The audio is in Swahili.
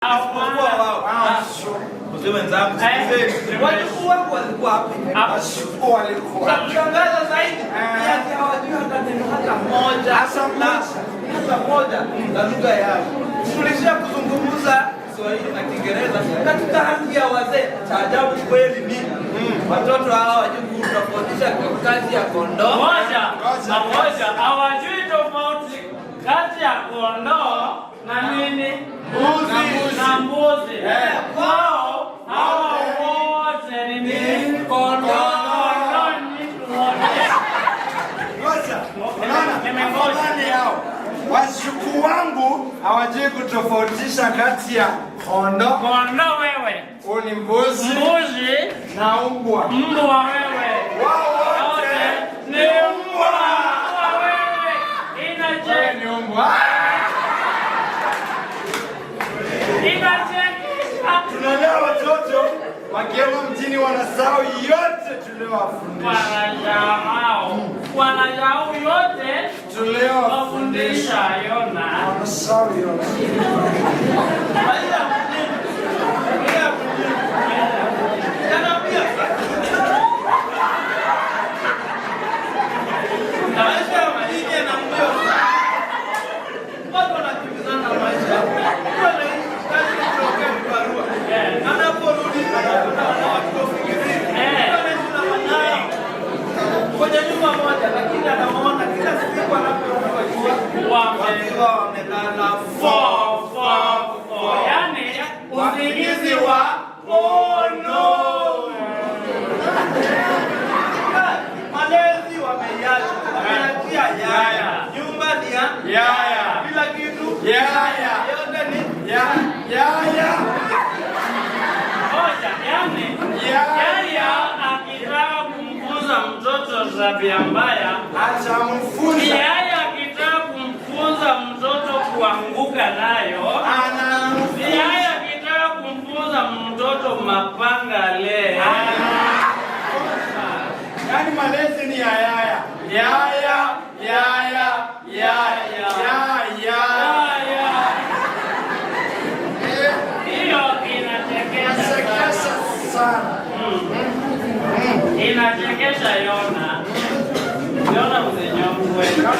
Kushangaza ah, eh, ah, zaidi eh. hawajui hata moja hata moja la lugha yao. Tulishia kuzungumza Kiswahili na Kiingereza katika hali ya wazee. Cha ajabu kweli ni hmm. watoto hawa hawajui kutofautisha kazi ya kondoo. Hawajui tofauti kati ya kondoo Washukuu wangu hawajui kutofautisha kati ya kondo, kondo wewe, uni mbuzi, mbuzi na umbwa mbwa wewe wakiwemo mjini wanasahau yote wanayao hmm. yote tuliyowafundisha Yona. wameonekana yani uzingizi wa ono malezi wameyacha, wameyachia yaya, nyumba ni ya yaya, kila kitu yaya, yote ni yaya. akitaka kumfunza mtoto tabia mbaya atamfunza ya, ya, ya, ya, ya, ya, ya. Se que Y la se yona. Yona, un bueno.